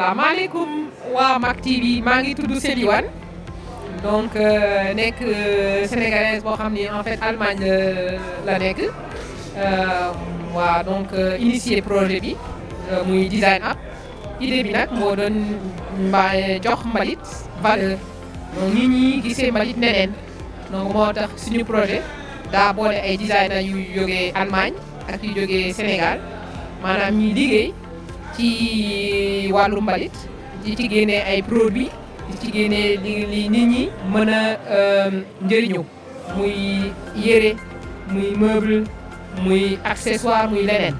salaamaaleykum waa Mak TV maa ngi tudd Séliwane donc euh, nekk euh, sénégalaise boo xam ni en fait Allemagne euh, la nekk waa donc initier projet bi muy design app idée bi nag moo doon mbaa jox mbalit valeur donc nit ñi gisee mbalit neneen donc moo tax suñu projet daa boole ay designer yu jógee Allemagne ak yu jóge Sénégal maanaam ñuy liggéey. ci wàllu mbalit di ci génnee ay produits di ci génnee li li ñi mën a euh, njëriñu muy yére muy meuble muy accessoire muy leneen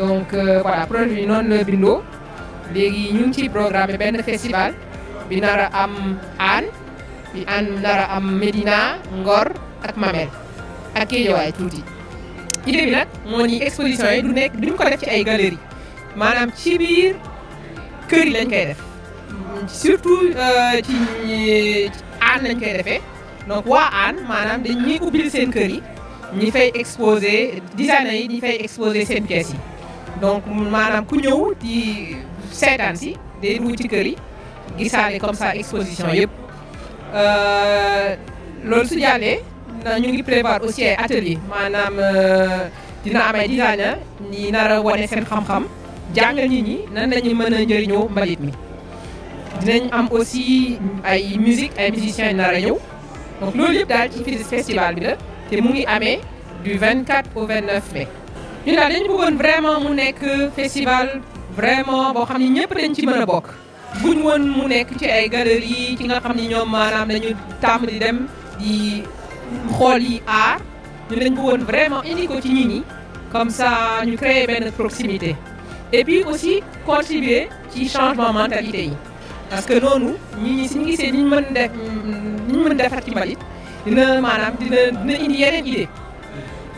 donc euh, voilà projet bi noonu léegi ñu ngi ci programme benn festival bi nar a am aan bi aan nar am Médina ngoor ak Mamel ak Kédiawaye tuuti idée bi nag moo ni exposition yi du nekk duñ ko def ci ay galerie maanaam ci biir kër yi lañ koy def surtout euh, ci aan lañ koy defe donc waa aan maanaam dañ ñuy ubbil seen kër yi ñi fay exposé designer yi ñi fay exposé seen kees yi donc maanaam ku ñëw di seetaan si day dugg ci kër yi gisaale comme ça exposition yëpp euh, loolu su jàllee na ñu ngi prévoir aussi ay atelier maanaam euh, dina am ay designer nar wane seen xam-xam jàngal nit ñi nan lañu mën a njëriñoo mbalit mi dinañ am aussi ay musique ay musiciens na a ñëw donc loolu yëpp daal ci festival bi la te mu ngi amee du 24 au 29 mai ñu daal dañu bëggoon vraiment mu nekk festival vraiment boo xam ne ñëpp dañ ci mën a bokk buñ woon mu nekk ci ay galerie ci nga xam ne ñoom maanaam dañu tàmm di dem di xool yi aar ñu dañ bëggoon vraiment indi ko ci nit ñi comme ça ñu créer benn proximité et puis aussi contribuer ci changement mentalité yi parce que noonu ñi ñi suñu gisee ñu mën def ni ñu mën defar ci mbalit dina maanaam dina dina indi yeneen idée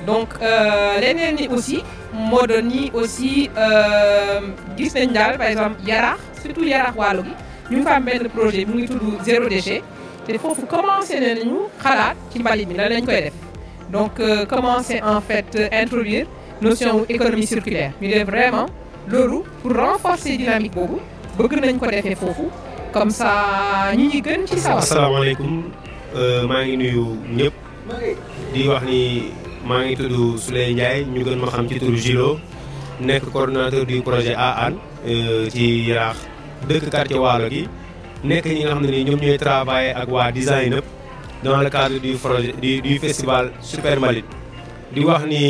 donc euh, leneen ni aussi moo doon ñi aussi euh, gis nañ daal par exemple yaraax surtout yaraax waalo gi ñu ngi fa am projet mu ngi tudd zéro te foofu commencé nañu xalaat ci mbalit bi lan lañ koy def donc euh, commencé en fait introduire notion économie circulaire ñu def vraiment loolu pour renforcer dynamique boobu bëgg nañ ko defee foofu comme ça ñu ñi gën ci sawar. asalaamaaleykum euh, maa ngi nuyu ñëpp di wax ni maa ngi tudd Souley Ndiaye ñu gën ma xam ci turu Gilo nekk coordonnateur du projet AAN euh, ci Yaraax dëkk quartier Waalo gi nekk ñi nga xam ne ni ñoom ñooy travailler ak waa design up dans le cadre du projet du festival Super di wax ni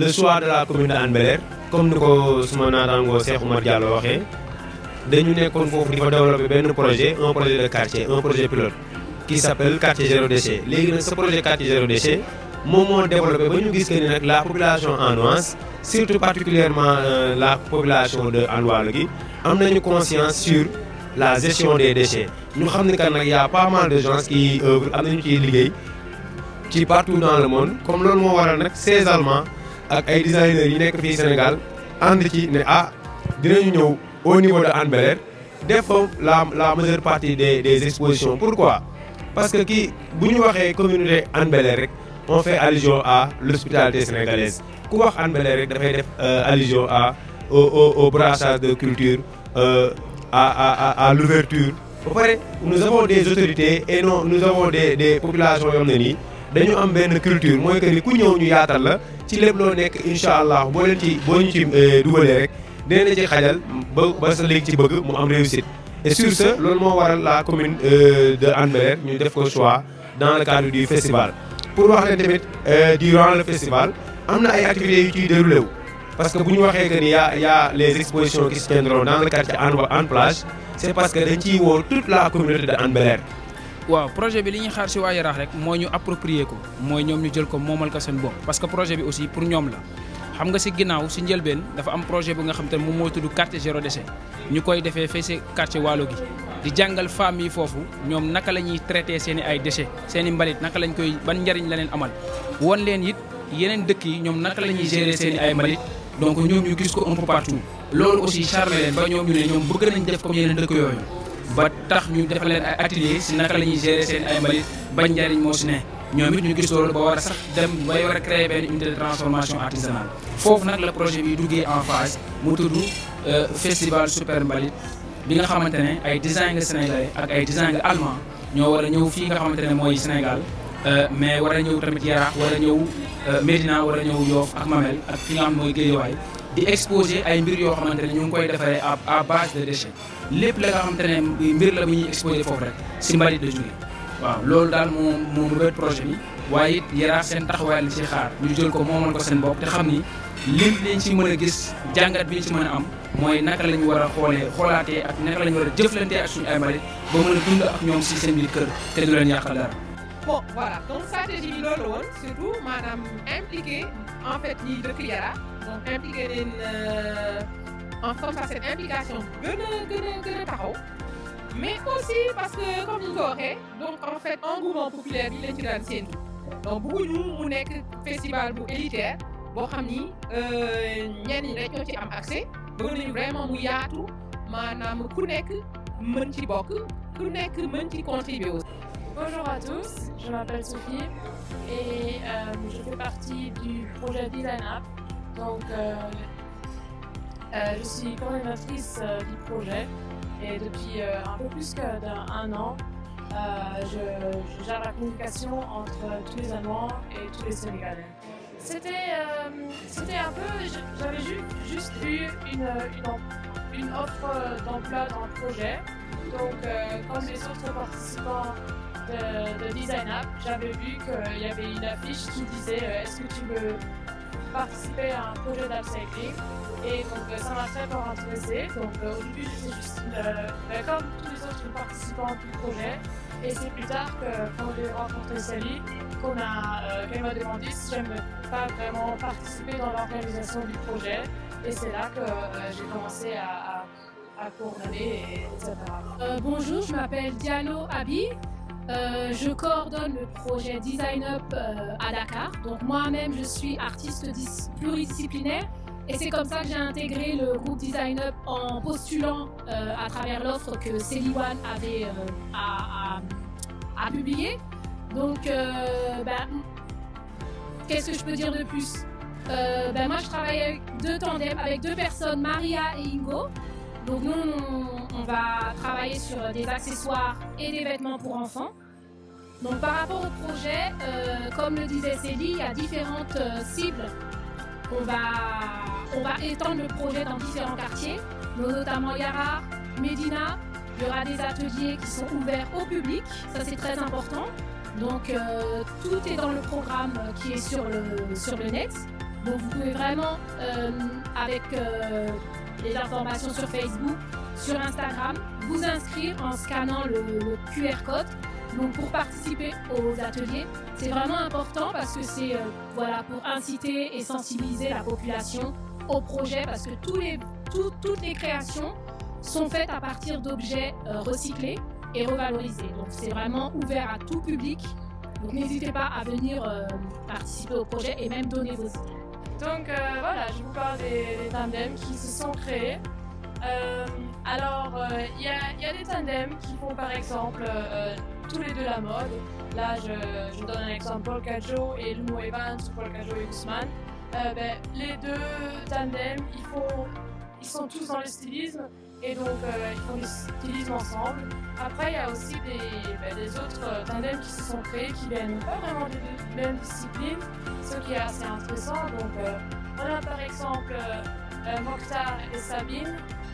le choix de la commune de comme ni ko suma naataangoo Cheikh Oumar Diallo waxee dañu nekkoon foofu di fa développer benn projet un projet de quartier un projet pilote qui s'appelle quartier zéro léegi nag ce projet quartier zéro déchet moom ba ñu gis que nag la population en nuance surtout euh, la population de Anwaalo gi am nañu conscience sur la gestion des déchets ñu xam ni que nag y a pas mal de gens qui œuvrent am nañu ciy liggéey ci partout dans le monde comme loolu moo ak ay designers yi nekk fii Sénégal ànd ci ne ah dinañu ñëw au niveau de Hann Bel-Air def fa la la majeure partie des des expositions pourquoi parce que kii bu ñu waxee communauté Hann Bel-Air rek on fait allusion à l'hospitalité sénégalaise ku wax Hann bel rek dafay def euh, allusion à au o o brassage de culture euh, à a à à l'ouverture ba pare nous avons des autorités et non nous avons des des populations yoo xam nii. dañu am benn culture mooy que ni ku ñëw ñu yaatal la ci lépp loo nekk incha allah boo leen ci boo ci euh, dugalee rek dinañ ci xajal ba ba sa léegi ci bëgg mu am réussite. et loolu moo waral la commune euh, de Hann Bel-Air ñu def ko choix dans le cadre du festival. pour wax leen tamit euh, durant le festival am na ay activités yu ciy déroulé wu bu ñu waxee que ni y' a y' a les expositions qui se tiendront dans le quartier Plage c' est que dañ ciy woo toute la communauté waaw projet bi li ñuy xaar si waa Yaraax rek moo ñu approprier ko mooy ñoom ñu jël ko moomal ko seen bopp parce que projet bi aussi pour ñoom la xam si ginnaaw si njëlbeen dafa am projet bu nga xam te ne moom moo tudd quartier zéro déchet ñu koy defee fee si quartier waalo gi di jàngal femmes yi foofu ñoom naka la ñuy traité seen ay déchets seen i mbalit naka lañ koy ban njariñ la leen amal won leen it yeneen dëkk yi ñoom naka la ñuy gérer seen i ay mbalit donc ñoom ñu gis ko un peu partout loolu aussi charmer leen ba ñoom ñu ne ñoom bëgg nañ def comme yeneen dëkk yooyu ba tax ñu defal leen ay atelier si naka la ñuy gérer seen ay mbalit bañ njariñ moo si ne ñoom it ñu gis loolu ba war a sax dem bay war a créer benn unité de transformation artisanale foofu nag la projet bi duggee en phase mu tudd euh, festival super mbalit bi nga xamante ne ay designer sénégalais ak ay designer allemand ñoo war a ñëw fii nga xamante ne mooy Sénégal euh, mais war a ñëw tamit Yaraax war a ñëw euh, Médina war a ñëw Yoff ak Mamel ak fi nga xam mooy Guédiawaye di exposer ay mbir yoo xamante ne ñu ngi koy defaree à base de déchets lépp la nga xamante ne mbir la bu ñuy exposer foofu rek si mbalit la jógee waaw loolu daal moom moom mu projet bi waaye it yaraax seen taxawaay la ci xaar ñu jël ko moomal ko seen bopp te xam ni lim liñ ci mën a gis jàngat bi ñu ci mën a am mooy naka la ñu war a xoolee xoolaatee ak naka la ñu war a jëflantee ak suñu ay mbalit ba mën a dund ak ñoom si seen biir kër te du leen yàqal dara po voilà donc stratégie bi loolu la woon surtout maanaam impliqué en fait ñiy dëkk Yara donc impliqué leen euh, en comme ça seen implication gën a gën a gën a taxaw mais aussi parce que comme ni ñu ko waxee donc en fait ci daan séntu donc mu nekk festival bu élitaire boo xam ni euh, ñenn ñi dañoo ci am accès bëgg nañu vraiment mu yaatu maanaam ku nekk mën ci bokk ku nekk mën ci contribuer aussi Bonjour à tous, je m'appelle Sophie et euh, je fais partie du projet Design App. Donc, euh, euh, je suis coordinatrice du projet et depuis un peu plus d'un an, je, je, la communication entre tous les Allemands et tous les Sénégalais. C'était un peu, j'avais juste, vu une offre d'emploi dans le projet. Donc, comme les autres participants de, de Design App, j'avais vu qu'il y avait une affiche qui disait euh, Est-ce que tu veux participer à un projet d'upcycling Et donc euh, ça m'a très fort intéressée. Donc euh, au début, j'étais juste une, comme tous les autres participants du projet. Et c'est plus tard que quand j'ai rencontré Sally, qu'on a, qu'elle m'a demandé si je n'aimais pas vraiment participer dans l'organisation du projet. Et c'est là que j'ai commencé à, à à et etc. Euh, bonjour, je m'appelle Diallo Abi. Euh, je coordonne le projet Design Up euh, à Dakar. Donc moi-même, je suis artiste pluridisciplinaire et c'est comme ça que j'ai intégré le groupe Design Up en postulant euh, à travers l'offre que Celiwan avait à, euh, publier. Donc, qu'est-ce que je peux dire de plus Moi, je travaille avec deux personnes, Maria et Ingo. Donc nous, on va travailler sur des accessoires et des vêtements pour enfants. par rapport au projet, euh, comme le disait Célie, il y a différentes euh, cibles. On va, on va étendre le projet dans différents quartiers, notamment Il y aura des ateliers qui sont ouverts au public, c'est très important. Euh, tout est dans le programme qui est sur le, sur vous pouvez vraiment, euh, avec les informations sur Facebook, sur Instagram, vous inscrire en scannant le, le pour participer aux ateliers, c'est vraiment important parce que c'est euh, voilà pour inciter et sensibiliser la population au projet parce que les, tout, toutes les créations sont faites à partir d'objets euh, recyclés et revalorisés. Donc c'est vraiment ouvert à tout public. n'hésitez pas à venir euh, participer au projet et même donner vos idées. Donc euh, voilà, je vous parle des tandems qui se sont créés Euh, alors, il euh, y, y, a des tandems qui font par exemple euh, tous les deux la mode. Là, je, je donne un exemple, Paul Cajo et Lumo Evans, Paul Cajo et Usman. Euh, ben, les deux tandems, ils, font, ils sont tous dans le stylisme et donc euh, ils font du stylisme ensemble. Après, il y a aussi des, ben, des autres tandems qui se sont créés qui viennent pas vraiment des deux, mêmes disciplines, ce qui est assez intéressant. Donc, euh, on a par exemple Mokhtar et Sabine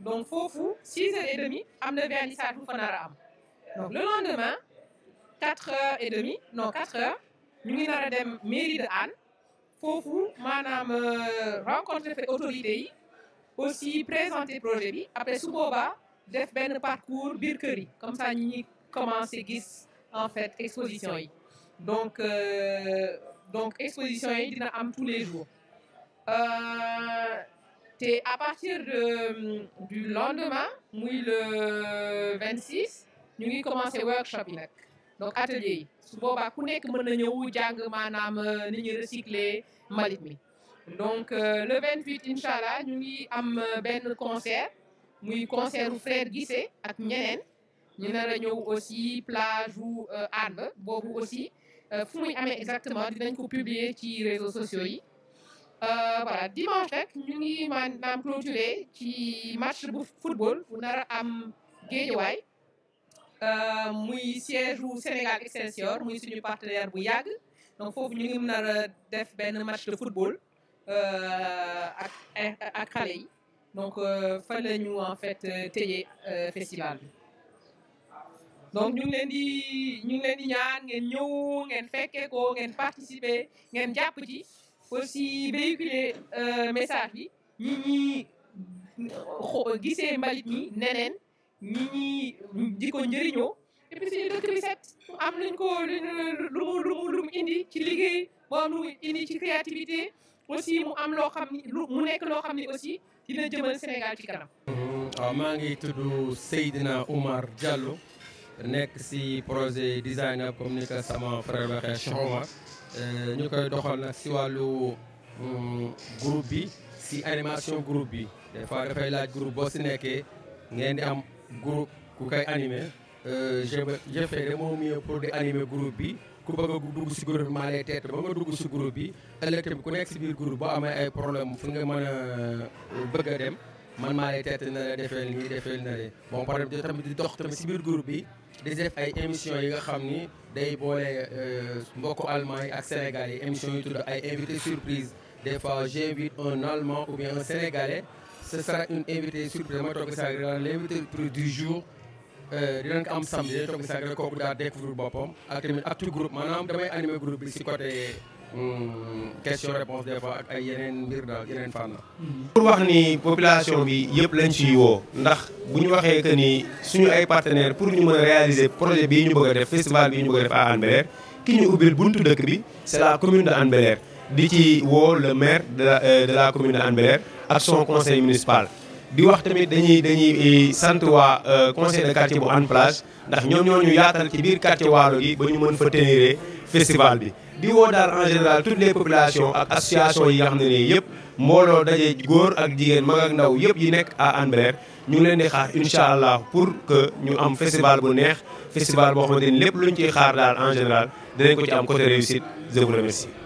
donc foofu six heures et am na vernissage bu fa nar am donc le lendemain quatre heures et demie non quatre heures ñu ngi nar dem mairie de foofu maanaam euh, rencontre fa autorités yi aussi présenter projet bi après su boobaa def benn parcours biir kër yi comme sa ñu ngi commencé gis en fait exposition yi donc euh, donc exposition yi dina am tous les jours euh, te à partir de du lendemain muy le 26 ñu ngi commencé workshop yi nag donc atelier yi su boobaa ku nekk mën na ñëw jàng maanaam euh, ni ñuy recycler mbalit mi donc euh, le 28 incha allah ñu ngi am euh, benn concert muy concert frère Guissé ak ñeneen ñu nar a ñëw aussi plage ou arbre boobu aussi fu muy amee exactement dinañ ko publier ci réseaux sociaux yi. Euh, voilà dimanche nag ñu ngi maanaam clôturer ci match bu football fu nar a am géejawaay euh, muy siège u Sénégal Excelsior muy suñu partenaire bu yàgg donc foofu ñu ngi nar a def benn match de football euh, ak ak xale yi donc fan la ñu en fait tëjee festival donc ñu ngi leen di ñu ngi leen ñaan ngeen ñëw ngeen fekkee ngeen participer ngeen jàpp ci. aussi véhiculer euh, message bi ñi ñi gisee mbalit mi neneen ñi ñi di ko njëriñoo et puis suñu dëkk bi set am luñ ko luñu lu mu lu mu indi ci liggéey mu am lu mu indi ci créativité aussi mu am loo xam ni lu mu nekk loo xam ni aussi dina jëmal Sénégal ci kanam. waaw mm-hmm. ah, maa ngi tudd Seydina Oumar Diallo nekk si projet design ak comme ni ko sama frère waxee Cheikh Euh, ñu koy doxal na si wàllu euh, groupe bi si animation groupe bi des fois dafay laaj groupe boo si nekkee ngeen di am groupe ku koy animer euh, je je fais de mon mieux pour di animer groupe bi ku bëgg a dugg si groupe maa lay teet ba nga dugg si groupe bi ëllëg tamit ku nekk si biir groupe boo amee ay problème fu nga mën a bëgg a dem man maa lay tett na la defeel nii defeel na leen moom par exemple tamit di dox tamit si biir groupe bi di def ay émissions yi nga xam ni day boole euh, mbokku allemand yi ak sénégal yi émissions yu tudd ay invité surprise des fois j'invite un allemand ou bien un sénégalais ce invité surprise ma toog saag dinaan l'invité du jour euh, dinañ ko am samedi day toog saag rek kooku daal découvrir boppam ak tamit actu groupe maanaam damay animé groupe bi si côté question réponse des fois ak ay yeneen mbir daal yeneen fànn. Mm-hmm. pour wax ni population bi yëpp lañ ciy woo ndax bu ñu waxee que ni suñu ay partenaires pour ñu mën a réaliser projet bii ñu bëgg a def festival bii ñu bëgg a def à Hann bel ki ñu ubbil buntu dëkk bi c'est la commune de di ci woo le maire de la euh, de la commune de Hann Bel-Air ak son conseil municipal. di wax tamit dañuy dañuy euh, sant waa euh, conseil de quartier bu Hann Plage ndax ñoom ñoo ñu yaatal ci biir quartier waalo gi ba ñu mën fa tenir festival bi di woo daal en général toutes les populations ak association yi nga na ne nii yëpp mbooloo daje góor ak jigéen mag ak ndaw yëpp yi nekk a Hann ñu ngi leen di xaar incha allah pour que ñu am festival bu neex festival boo xam ni lépp luñ ciy xaar daal en général dinañ ko ci am côté réussite je vous remercie